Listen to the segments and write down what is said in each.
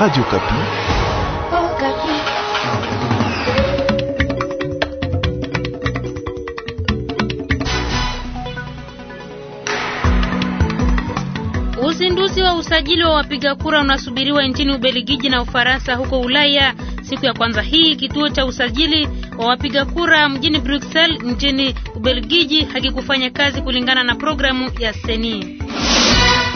Radio Kapi. Oh, Kapi. Uzinduzi wa usajili wa wapiga kura unasubiriwa nchini Ubelgiji na Ufaransa huko Ulaya siku ya kwanza hii. Kituo cha usajili wa wapiga kura mjini Bruxelles nchini Ubelgiji hakikufanya kazi kulingana na programu ya Seni.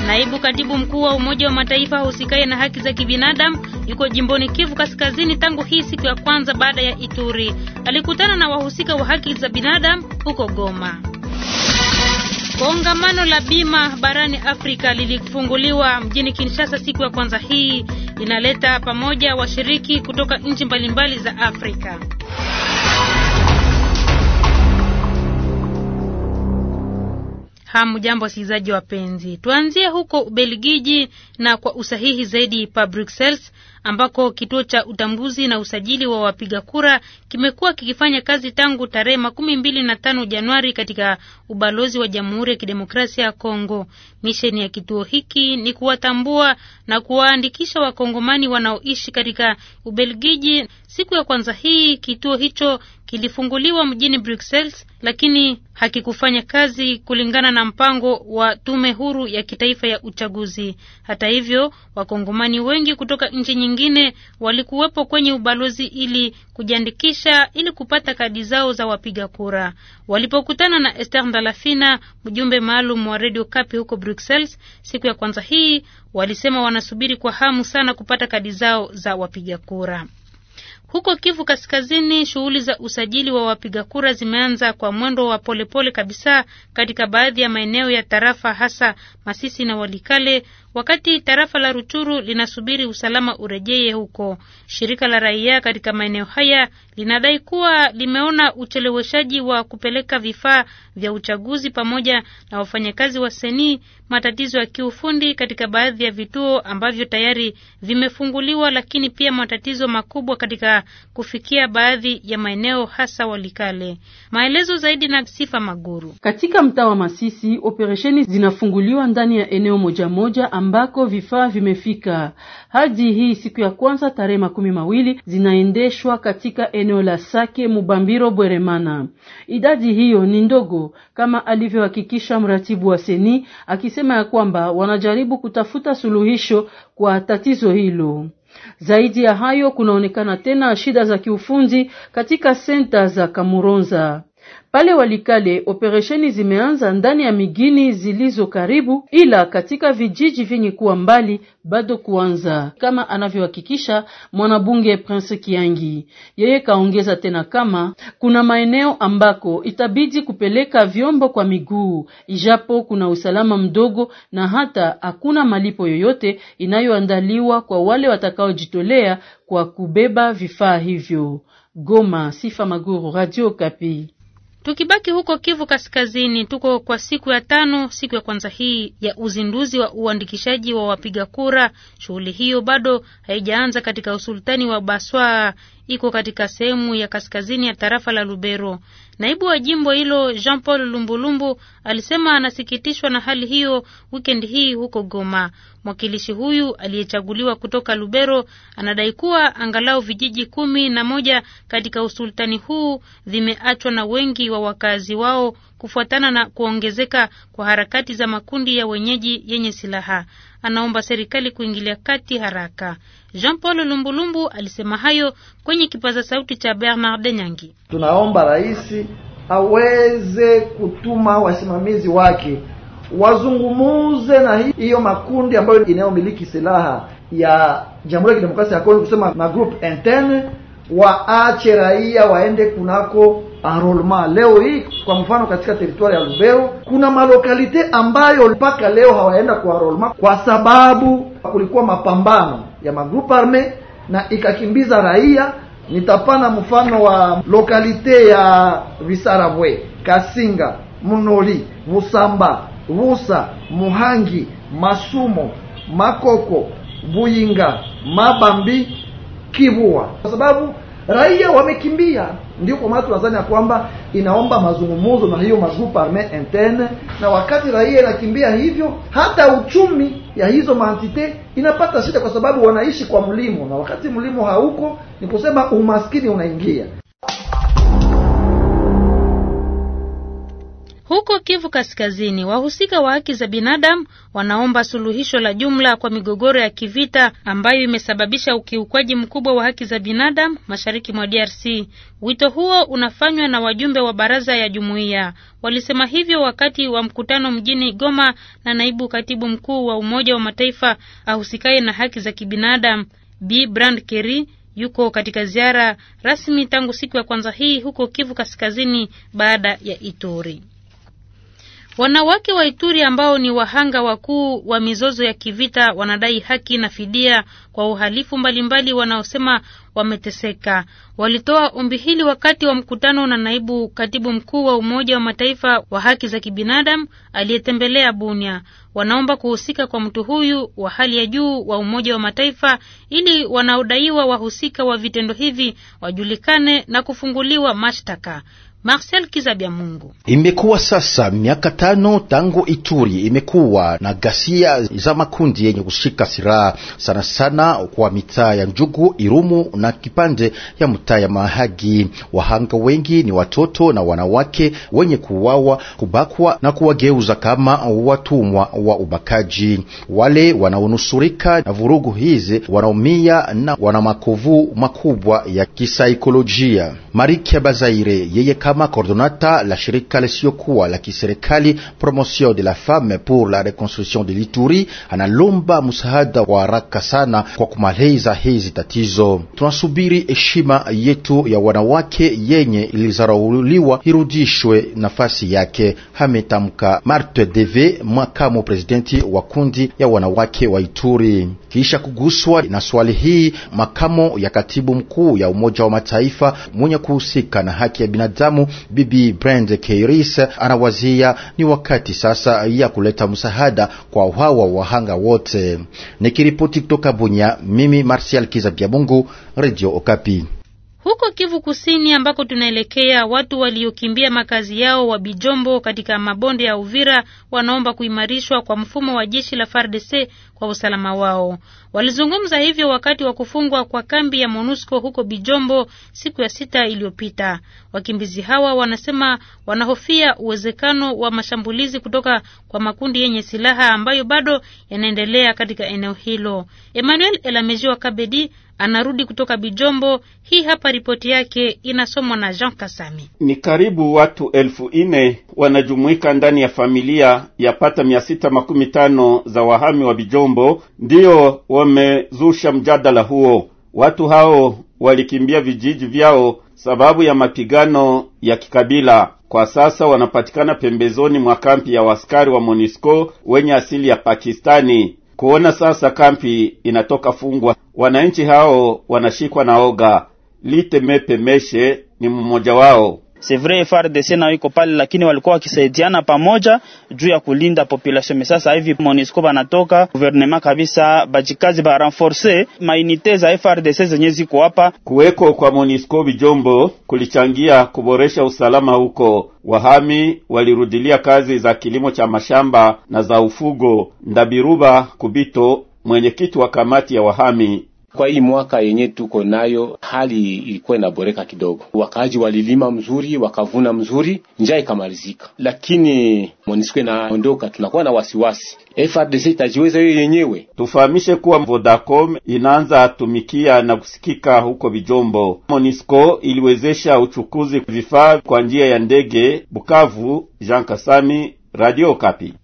Naibu katibu mkuu wa Umoja wa Mataifa husikae na haki za kibinadamu yuko jimboni Kivu Kaskazini tangu hii siku ya kwanza baada ya Ituri. Alikutana na wahusika wa haki za binadamu huko Goma. Kongamano la bima barani Afrika lilifunguliwa mjini Kinshasa siku ya kwanza hii. Inaleta pamoja washiriki kutoka nchi mbalimbali za Afrika. Hamjambo wasikilizaji wapenzi, tuanzie huko Ubelgiji na kwa usahihi zaidi pa Brussels, ambako kituo cha utambuzi na usajili wa wapiga kura kimekuwa kikifanya kazi tangu tarehe makumi mbili na tano Januari katika ubalozi wa Jamhuri ya Kidemokrasia ya Kongo. Misheni ya kituo hiki ni kuwatambua na kuwaandikisha Wakongomani wanaoishi katika Ubelgiji. Siku ya kwanza hii kituo hicho kilifunguliwa mjini Brussels, lakini hakikufanya kazi kulingana na mpango wa tume huru ya kitaifa ya uchaguzi. Hata hivyo, Wakongomani wengi kutoka nchi nyingi wengine walikuwepo kwenye ubalozi ili kujiandikisha ili kupata kadi zao za wapiga kura. Walipokutana na Esther Ndalafina, mjumbe maalum wa Radio Kapi huko Bruxelles siku ya kwanza hii, walisema wanasubiri kwa hamu sana kupata kadi zao za wapiga kura. Huko Kivu Kaskazini, shughuli za usajili wa wapiga kura zimeanza kwa mwendo wa polepole kabisa katika baadhi ya maeneo ya tarafa, hasa Masisi na Walikale, wakati tarafa la Ruchuru linasubiri usalama urejee huko. Shirika la raia katika maeneo haya linadai kuwa limeona ucheleweshaji wa kupeleka vifaa vya uchaguzi pamoja na wafanyakazi wa seni, matatizo ya kiufundi katika baadhi ya vituo ambavyo tayari vimefunguliwa, lakini pia matatizo makubwa katika kufikia baadhi ya maeneo hasa Walikale. Maelezo zaidi na Sifa Maguru. Katika mtaa wa Masisi, operesheni zinafunguliwa ndani ya eneo moja moja ambako vifaa vimefika. Hadi hii siku ya kwanza tarehe makumi mawili zinaendeshwa katika eneo la Sake Mubambiro Bweremana. Idadi hiyo ni ndogo kama alivyohakikisha mratibu wa Seni akisema ya kwamba wanajaribu kutafuta suluhisho kwa tatizo hilo. Zaidi ya hayo, kunaonekana tena shida za kiufundi katika senta za Kamuronza. Pale Walikale operesheni zimeanza ndani ya migini zilizo karibu, ila katika vijiji vyenye kuwa mbali bado kuanza, kama anavyohakikisha mwanabunge Prince Kiangi. Yeye kaongeza tena kama kuna maeneo ambako itabidi kupeleka vyombo kwa miguu, ijapo kuna usalama mdogo na hata hakuna malipo yoyote inayoandaliwa kwa wale watakaojitolea kwa kubeba vifaa hivyo. Goma, Sifa Maguru, Radio Kapi. Tukibaki huko Kivu Kaskazini, tuko kwa siku ya tano, siku ya kwanza hii ya uzinduzi wa uandikishaji wa wapiga kura. Shughuli hiyo bado haijaanza katika usultani wa Baswa iko katika sehemu ya kaskazini ya tarafa la Lubero. Naibu wa jimbo hilo Jean Paul Lumbulumbu alisema anasikitishwa na hali hiyo weekend hii huko Goma. Mwakilishi huyu aliyechaguliwa kutoka Lubero anadai kuwa angalau vijiji kumi na moja katika usultani huu vimeachwa na wengi wa wakazi wao kufuatana na kuongezeka kwa harakati za makundi ya wenyeji yenye silaha. Anaomba serikali kuingilia kati haraka. Jean Paul Lumbulumbu alisema hayo kwenye kipaza sauti cha Bernard Nyangi. Tunaomba rais aweze kutuma wasimamizi wake wazungumuze na hiyo makundi ambayo inayomiliki silaha ya Jamhuri ya Kidemokrasia ya Kongo, kusema magroup interne, waache raia waende kunako arolma leo hii. Kwa mfano katika teritwari ya Lubero kuna malokalite ambayo mpaka leo hawaenda kwa arolma kwa sababu kulikuwa mapambano ya magrupu arme na ikakimbiza raia. Nitapana mfano wa lokalite ya Visarabwe, Kasinga, Munoli, vusamba vusa Muhangi, Masumo, Makoko, Buyinga, Mabambi, Kivua kwa sababu raia wamekimbia. Ndio kwa maana tunazania kwamba inaomba mazungumzo na hiyo magrupu arme interne, na wakati raia inakimbia hivyo, hata uchumi ya hizo maantite inapata shida, kwa sababu wanaishi kwa mlimo, na wakati mlimo hauko, ni kusema umaskini unaingia. Huko Kivu Kaskazini, wahusika wa haki za binadamu wanaomba suluhisho la jumla kwa migogoro ya kivita ambayo imesababisha ukiukwaji mkubwa wa haki za binadamu mashariki mwa DRC. Wito huo unafanywa na wajumbe wa baraza ya jumuiya. Walisema hivyo wakati wa mkutano mjini Goma na naibu katibu mkuu wa Umoja wa Mataifa ahusikaye na haki za kibinadamu B Brand Kerry yuko katika ziara rasmi tangu siku ya kwanza hii huko Kivu Kaskazini baada ya Ituri. Wanawake wa Ituri ambao ni wahanga wakuu wa mizozo ya kivita wanadai haki na fidia kwa uhalifu mbalimbali wanaosema wameteseka. Walitoa ombi hili wakati wa mkutano na naibu katibu mkuu wa Umoja wa Mataifa wa haki za kibinadamu aliyetembelea Bunia. Wanaomba kuhusika kwa mtu huyu wa hali ya juu wa Umoja wa Mataifa ili wanaodaiwa wahusika wa vitendo hivi wajulikane na kufunguliwa mashtaka. Marcel Kizabia Mungu. Imekuwa sasa miaka tano tangu Ituri imekuwa na ghasia za makundi yenye kushika silaha sana sana kwa mitaa ya Njugu, Irumu na kipande ya mtaa ya Mahagi. Wahanga wengi ni watoto na wanawake wenye kuuawa, kubakwa na kuwageuza kama watumwa wa ubakaji. Wale wanaonusurika na vurugu hizi wanaumia na wana makovu makubwa ya kisaikolojia. Marikia Bazaire yeye kama kama coordonata la shirika lisiyokuwa la kiserikali Promotion de la Femme pour la Reconstruction de Lituri analomba msaada wa haraka sana kwa kumaliza hizi tatizo. Tunasubiri heshima yetu ya wanawake yenye ilizarauliwa irudishwe nafasi yake, hametamka Marte Deve, makamu presidenti wa kundi ya wanawake wa Ituri. Kisha kuguswa na swali hii, makamo ya katibu mkuu ya Umoja wa Mataifa mwenye kuhusika na haki ya binadamu Bibi brand Keiris anawazia ni wakati sasa ya kuleta msaada kwa hawa wahanga wote. Nikiripoti kutoka Bunya, mimi Martial Kiza Bya Radio Okapi. Huko Kivu Kusini ambako tunaelekea, watu waliokimbia makazi yao wa Bijombo katika mabonde ya Uvira wanaomba kuimarishwa kwa mfumo wa jeshi la FARDC kwa usalama wao. Walizungumza hivyo wakati wa kufungwa kwa kambi ya MONUSCO huko Bijombo siku ya sita iliyopita. Wakimbizi hawa wanasema wanahofia uwezekano wa mashambulizi kutoka kwa makundi yenye silaha ambayo bado yanaendelea katika eneo hilo. Emmanuel Elamejiwa Kabedi anarudi kutoka Bijombo. Hii hapa ripoti yake, inasomwa na Jean Kasami. Ni karibu watu elfu ine wanajumuika ndani ya familia pata mia sita makumi tano za wahami wa Bijombo, ndiyo wamezusha mjadala huo. Watu hao walikimbia vijiji vyao sababu ya mapigano ya kikabila. Kwa sasa wanapatikana pembezoni mwa kampi ya waskari wa MONUSCO wenye asili ya Pakistani kuona sasa kampi inatoka fungwa, wananchi hao wanashikwa na oga. Lite Mepe Meshe ni mmoja wao c'est vrai FARDC nayo iko pale, lakini walikuwa wakisaidiana pamoja juu ya kulinda population. Sasa hivi MONUSCO banatoka gouvernement kabisa, bajikazi ba renforcer mainite za frdc zenye ziko hapa. Kuweko kwa MONUSCO Bijombo kulichangia kuboresha usalama huko. Wahami walirudilia kazi za kilimo cha mashamba na za ufugo. Ndabiruba Kubito, mwenyekiti wa kamati ya wahami kwa hii mwaka yenye tuko nayo, hali ilikuwa inaboreka kidogo, wakaaji walilima mzuri, wakavuna mzuri, njaa ikamalizika. Lakini monisco inaondoka, tunakuwa na wasiwasi FRDC itajiweza hiyo yenyewe. Tufahamishe kuwa Vodacom inaanza tumikia na kusikika huko Bijombo. monisco iliwezesha uchukuzi vifaa kwa njia ya ndege. Bukavu, Jean Kasami, Radio Kapi.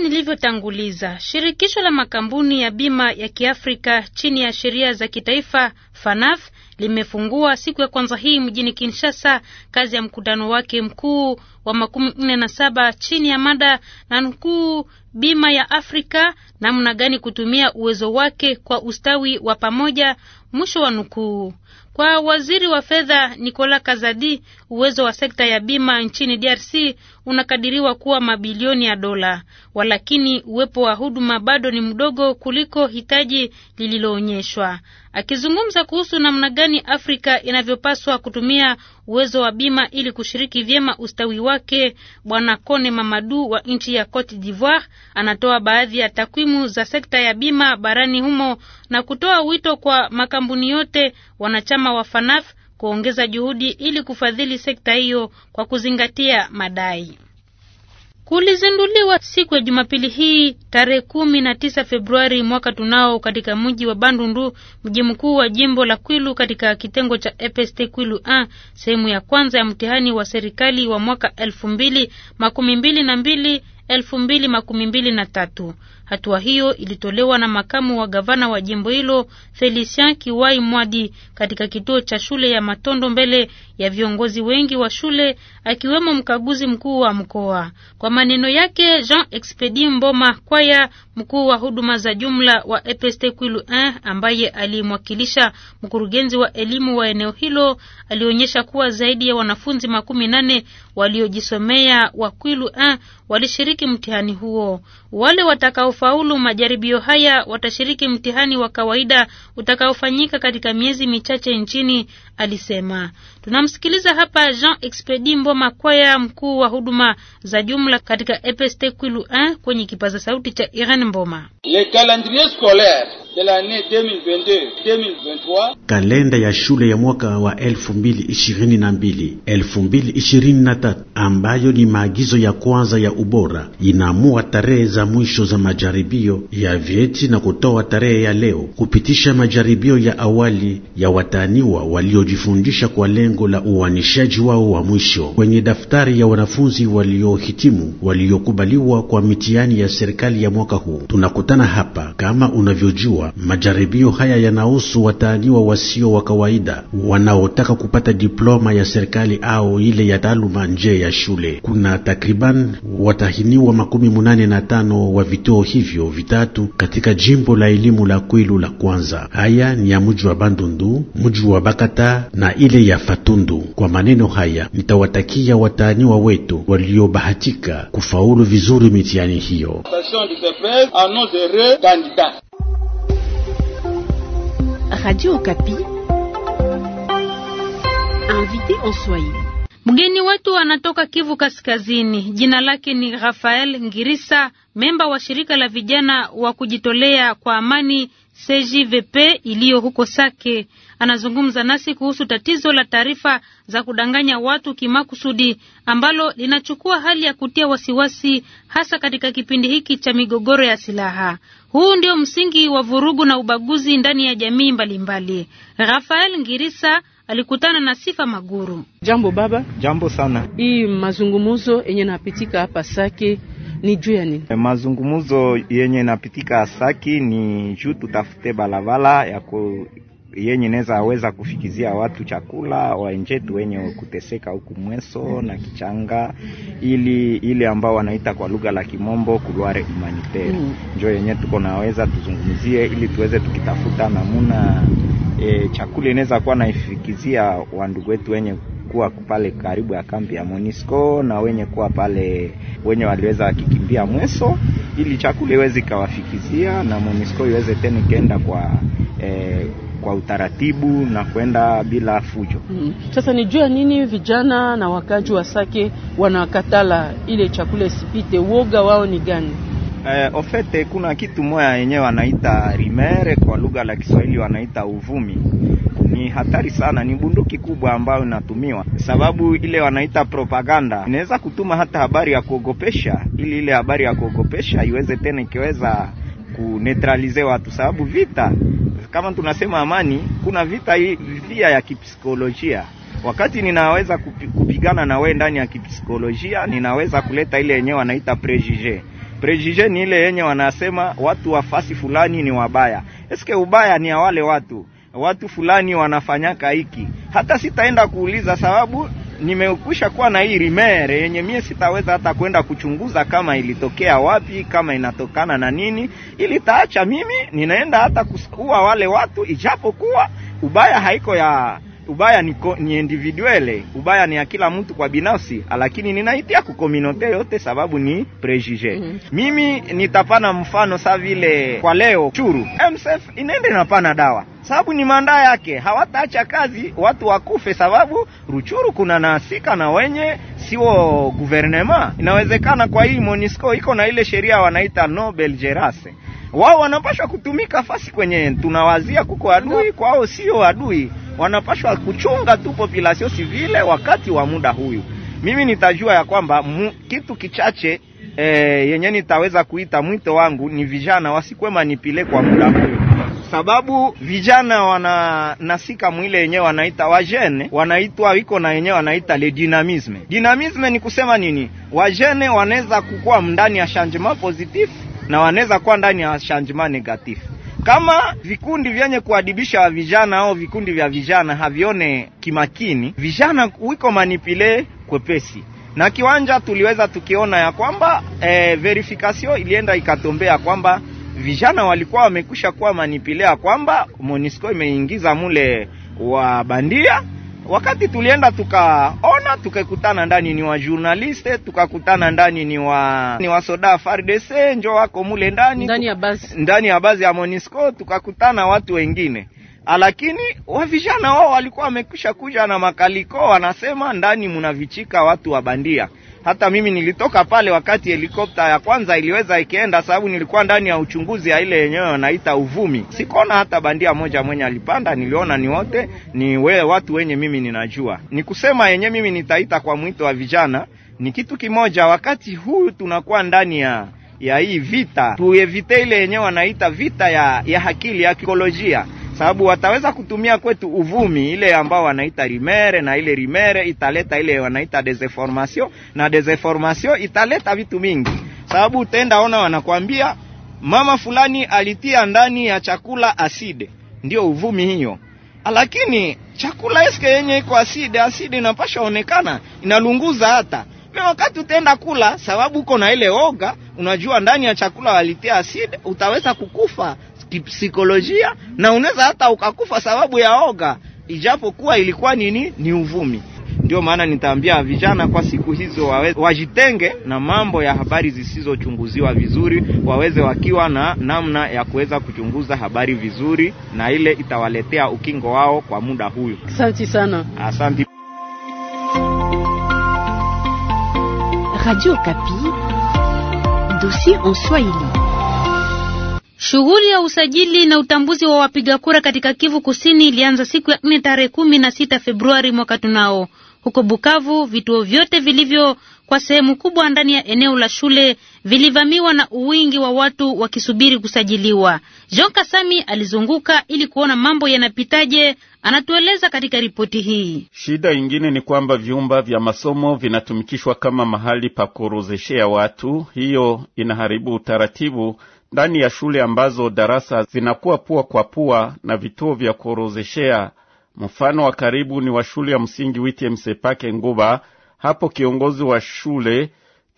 nilivyotanguliza, shirikisho la makampuni ya bima ya Kiafrika chini ya sheria za kitaifa FANAF limefungua siku ya kwanza hii mjini Kinshasa kazi ya mkutano wake mkuu wa makumi nne na saba chini ya mada na nukuu, bima ya Afrika, namna gani kutumia uwezo wake kwa ustawi wa pamoja, mwisho wa nukuu. Kwa waziri wa fedha Nicolas Kazadi, Uwezo wa sekta ya bima nchini DRC unakadiriwa kuwa mabilioni ya dola, walakini uwepo wa huduma bado ni mdogo kuliko hitaji lililoonyeshwa. Akizungumza kuhusu namna gani Afrika inavyopaswa kutumia uwezo wa bima ili kushiriki vyema ustawi wake, Bwana Kone Mamadu wa nchi ya Cote d'Ivoire anatoa baadhi ya takwimu za sekta ya bima barani humo na kutoa wito kwa makampuni yote wanachama wa FANAF kuongeza juhudi ili kufadhili sekta hiyo kwa kuzingatia madai. Kulizinduliwa siku ya Jumapili hii tarehe kumi na tisa Februari mwaka tunao katika mji wa Bandundu, mji mkuu wa jimbo la Kwilu, katika kitengo cha EPST Kwilu A, sehemu ya kwanza ya mtihani wa serikali wa mwaka elfu mbili makumi mbili na mbili elfu mbili makumi mbili na tatu. Hatua hiyo ilitolewa na makamu wa gavana wa jimbo hilo Felicien Kiwai Mwadi katika kituo cha shule ya Matondo mbele ya viongozi wengi wa shule akiwemo mkaguzi mkuu wa mkoa. Kwa maneno yake, Jean Expedi Mboma Kwaya, mkuu wa huduma za jumla wa EPST Kwilu 1 ambaye alimwakilisha mkurugenzi wa elimu wa eneo hilo, alionyesha kuwa zaidi ya wanafunzi makumi nane waliojisomea wa Kwilu A ah, walishiriki mtihani huo. Wale watakaofaulu majaribio haya watashiriki mtihani wa kawaida utakaofanyika katika miezi michache nchini, alisema. Tunamsikiliza hapa Jean Expedi Mboma Kwaya, mkuu wa huduma za jumla katika EPST Kwilu 1 kwenye kipaza sauti cha Irene Mboma. Le calendrier scolaire de l'annee 2022-2023, kalenda ya shule ya mwaka wa 2022 2023, ambayo ni maagizo ya kwanza ya ubora inaamua tarehe za mwisho za majaribio ya vyeti na kutoa tarehe ya leo kupitisha majaribio ya awali ya wataniwa waliojifundisha kwa lengo la uanishaji wao wa mwisho kwenye daftari ya wanafunzi waliohitimu waliokubaliwa kwa mitihani ya serikali ya mwaka huu. Tunakutana hapa kama unavyojua, majaribio haya yanahusu wataniwa wasio wa kawaida wanaotaka kupata diploma ya serikali au ile ya taaluma nje ya shule. Kuna takriban watahiniwa makumi munane na tano mkutano wa vituo hivyo vitatu katika jimbo la elimu la Kwilu la kwanza. Haya ni ya mji wa Bandundu, mji wa Bakata na ile ya Fatundu. Kwa maneno haya nitawatakia wataaniwa wetu waliobahatika kufaulu vizuri mitihani hiyo. Radio Okapi, invité en Swahili. Mgeni wetu anatoka Kivu Kaskazini. Jina lake ni Rafael Ngirisa, memba wa shirika la vijana wa kujitolea kwa amani CJVP iliyo huko Sake. Anazungumza nasi kuhusu tatizo la taarifa za kudanganya watu kimakusudi ambalo linachukua hali ya kutia wasiwasi hasa katika kipindi hiki cha migogoro ya silaha. Huu ndio msingi wa vurugu na ubaguzi ndani ya jamii mbalimbali mbali. Rafael Ngirisa alikutana na Sifa Maguru. Jambo baba. Jambo sana. Hii mazungumuzo yenye napitika hapa Sake ni juu ya nini? Mazungumuzo yenye napitika Saki ni juu tutafute balabala ya ku yenye inaweza weza kufikizia watu chakula wenjetu wenye kuteseka huku Mweso na Kichanga, ili ile ambao wanaita kwa lugha la Kimombo kulware humanitaire, mm. Njo yenye tuko naweza tuzungumzie, ili tuweze tukitafuta namuna e, chakula inaweza kuwa naifikizia wandugu wetu wenye kuwa pale karibu ya kambi ya Monisco na wenye kuwa pale wenye waliweza wakikimbia mweso, ili chakula iweze ikawafikizia na Monisco iweze tena ikaenda kwa e, kwa utaratibu na kwenda bila fujo. Mm. Sasa nijua nini vijana na wakaji wa Sake wanakatala ile chakula isipite, woga wao ni gani? Eh, ofete kuna kitu moya yenye wanaita rimere kwa lugha la Kiswahili wanaita uvumi. Ni hatari sana, ni bunduki kubwa ambayo inatumiwa, sababu ile wanaita propaganda inaweza kutuma hata habari ya kuogopesha, ili ile habari ya kuogopesha iweze tena ikiweza kunetralize watu, sababu vita kama tunasema amani, kuna vita pia ya kipsikolojia wakati ninaweza kupigana na we ndani ya kipsikolojia, ninaweza kuleta ile yenyewe wanaita prejije Prejije ni ile yenye wanasema watu wa fasi fulani ni wabaya. Eske ubaya ni ya wale watu, watu fulani wanafanyaka hiki. Hata sitaenda kuuliza sababu nimekwisha kuwa na hii rimere yenye mie sitaweza hata kwenda kuchunguza kama ilitokea wapi, kama inatokana na nini, ili taacha mimi ninaenda hata kusikua wale watu, ijapokuwa ubaya haiko ya ubaya ni, ni individuele, ubaya ni ya kila mtu kwa binafsi, lakini ninaitia kukominote yote sababu ni prejije. mm -hmm. Mimi nitapana mfano sa vile kwa leo churu MSF inaenda inapana dawa sababu ni manda yake, hawataacha kazi watu wakufe, sababu Ruchuru kuna naasika na wenye sio guvernema. Inawezekana kwa hii Monisco iko na ile sheria wanaita no belgerase wao wanapashwa kutumika fasi kwenye tunawazia kuko adui kwao, sio adui, wanapashwa kuchunga tu population civile wakati wa muda huyu. Mimi nitajua ya kwamba mu, kitu kichache e, yenye nitaweza kuita mwito wangu ni vijana wasikwe manipile kwa muda huyu, sababu vijana wananasika mwile yenyewe wanaita wajene, wanaitwa wiko na yenyewe wanaita le dynamisme. Dynamisme ni kusema nini? Wajene wanaweza kukua ndani ya changement positif na wanaweza kuwa ndani ya changement negatif. Kama vikundi vyenye kuadibisha vijana au vikundi vya vijana havione kimakini, vijana wiko manipule kwepesi na kiwanja tuliweza tukiona ya kwamba e, verifikasio ilienda ikatombea kwamba vijana walikuwa wamekwisha kuwa ya kwamba MONUSCO imeingiza mule wa bandia. Wakati tulienda tukaona Uvira, tukakutana ndani ni wa journaliste, tukakutana ndani ni wa ni wa soda FARDC njo wako mule ndani ndani ya basi ndani ya basi ya Monisco, tukakutana watu wengine ah, lakini wavijana wao walikuwa wamekwisha kuja na makaliko, wanasema ndani mnavichika watu wa bandia. Hata mimi nilitoka pale wakati helikopta ya kwanza iliweza ikienda, sababu nilikuwa ndani ya uchunguzi ya ile yenyewe wanaita uvumi. Sikuona hata bandia moja mwenye alipanda, niliona ni wote ni we, watu wenye mimi ninajua. Ni kusema yenye mimi nitaita kwa mwito wa vijana ni kitu kimoja, wakati huu tunakuwa ndani ya ya hii vita, tuevite ile yenyewe wanaita vita ya, ya akili ya kikolojia sababu wataweza kutumia kwetu uvumi ile ambao wanaita rimere, na ile rimere italeta ile wanaita desinformation, na desinformation italeta vitu mingi, sababu utaenda ona wanakwambia mama fulani alitia ndani ya chakula aside, ndio uvumi hiyo. Lakini chakula eske yenye iko aside, aside inapasha onekana, inalunguza hata mimi wakati utaenda kula, sababu uko na ile oga, unajua ndani ya chakula walitia asidi, utaweza kukufa kipsikolojia na unaweza hata ukakufa sababu ya oga, ijapokuwa ilikuwa nini, ni uvumi. Ndio maana nitaambia vijana kwa siku hizo wajitenge na mambo ya habari zisizochunguziwa vizuri, waweze wakiwa na namna ya kuweza kuchunguza habari vizuri, na ile itawaletea ukingo wao kwa muda huyu. Asante sana. Asante. Radio Kapi, dossier en Swahili. Shughuli ya usajili na utambuzi wa wapiga kura katika Kivu Kusini ilianza siku ya nne tarehe kumi na sita Februari mwaka tunao. Huko Bukavu, vituo vyote vilivyo kwa sehemu kubwa ndani ya eneo la shule vilivamiwa na uwingi wa watu wakisubiri kusajiliwa. Jean Kasami alizunguka ili kuona mambo yanapitaje, anatueleza katika ripoti hii. Shida ingine ni kwamba vyumba vya masomo vinatumikishwa kama mahali pa kuruzeshea watu, hiyo inaharibu utaratibu ndani ya shule ambazo darasa zinakuwa pua kwa pua na vituo vya kuorozeshea. Mfano wa karibu ni wa shule ya msingi Witi Msepake Nguba. Hapo kiongozi wa shule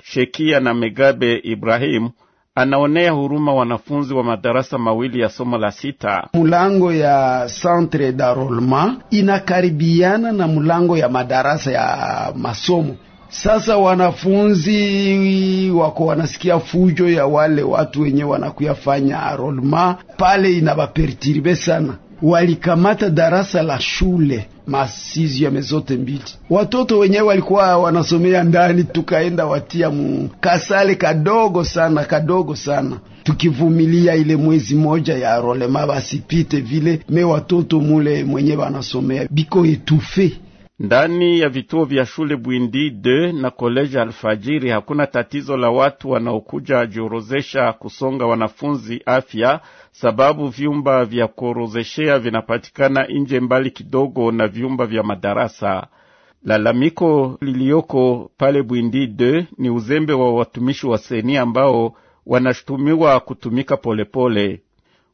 Shekia na Megabe Ibrahimu anaonea huruma wanafunzi wa madarasa mawili ya somo la sita. Mulango ya centre d'enrolement inakaribiana na mulango ya madarasa ya masomo sasa wanafunzi wako wanasikia fujo ya wale watu wenye wanakuyafanya arolma pale, inabaperturbe sana. Walikamata darasa la shule masizi ya mezote mbili, watoto wenyewe walikuwa wanasomea ndani, tukaenda watia mu kasale kadogo sana kadogo sana, tukivumilia ile mwezi moja ya arolema basipite vile me watoto mule mwenyewe wanasomea biko etufe ndani ya vituo vya shule bwindi de na koleji Alfajiri hakuna tatizo la watu wanaokuja jiorozesha kusonga wanafunzi afya, sababu vyumba vya kuorozeshea vinapatikana nje mbali kidogo na vyumba vya madarasa. Lalamiko liliyoko pale Bwindide ni uzembe wa watumishi wa seni ambao wanashutumiwa kutumika polepole pole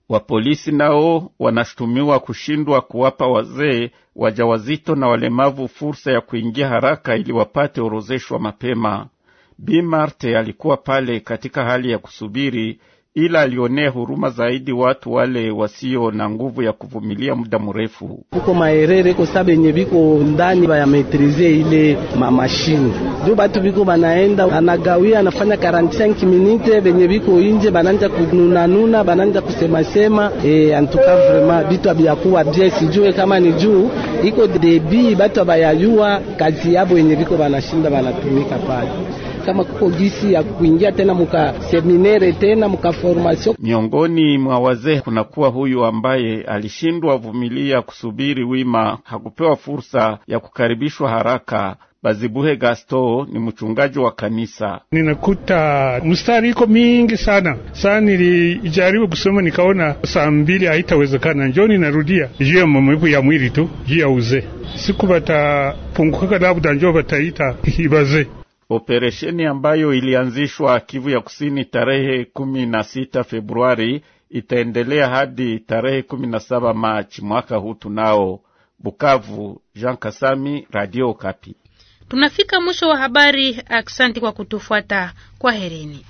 wa polisi nao wanashutumiwa kushindwa kuwapa wazee wajawazito na walemavu fursa ya kuingia haraka ili wapate orozeshwa mapema. Bi Marte alikuwa pale katika hali ya kusubiri ila alionee huruma zaidi watu wale wasio na nguvu ya kuvumilia muda mrefu. Kuko maerere kosa benye biko ndani maitrize ile mamashini ndio batu biko banaenda anagawia anafanya 45 minute benye biko inje bananja kununanuna bananja kusemasema e, antuka vrema bitu abiyakuwa bie sijue kama ni juu iko debi batu abayayua kazi yabo yenye biko banashinda banatumika pale kama kuko gisi ya kuingia tena muka seminere tena muka formation. Miongoni mwa wazee kunakuwa huyu ambaye alishindwa vumilia kusubiri wima, hakupewa fursa ya kukaribishwa haraka. Bazibuhe Gasto ni mchungaji wa kanisa. Ninakuta mstari iko mingi sana sana, nilijaribu kusoma nikaona saa mbili haitawezekana, njo ninarudia juu ya maumivu ya mwili tu, juu ya uzee siku batapunguka, labda njo bataita ibazee Operesheni ambayo ilianzishwa Kivu ya Kusini tarehe kumi na sita Februari itaendelea hadi tarehe kumi na saba Machi mwaka huu tunao. Bukavu, Jean Kasami, Radio Kapi. Tunafika mwisho wa habari. Aksanti kwa kutufuata. kwa herini.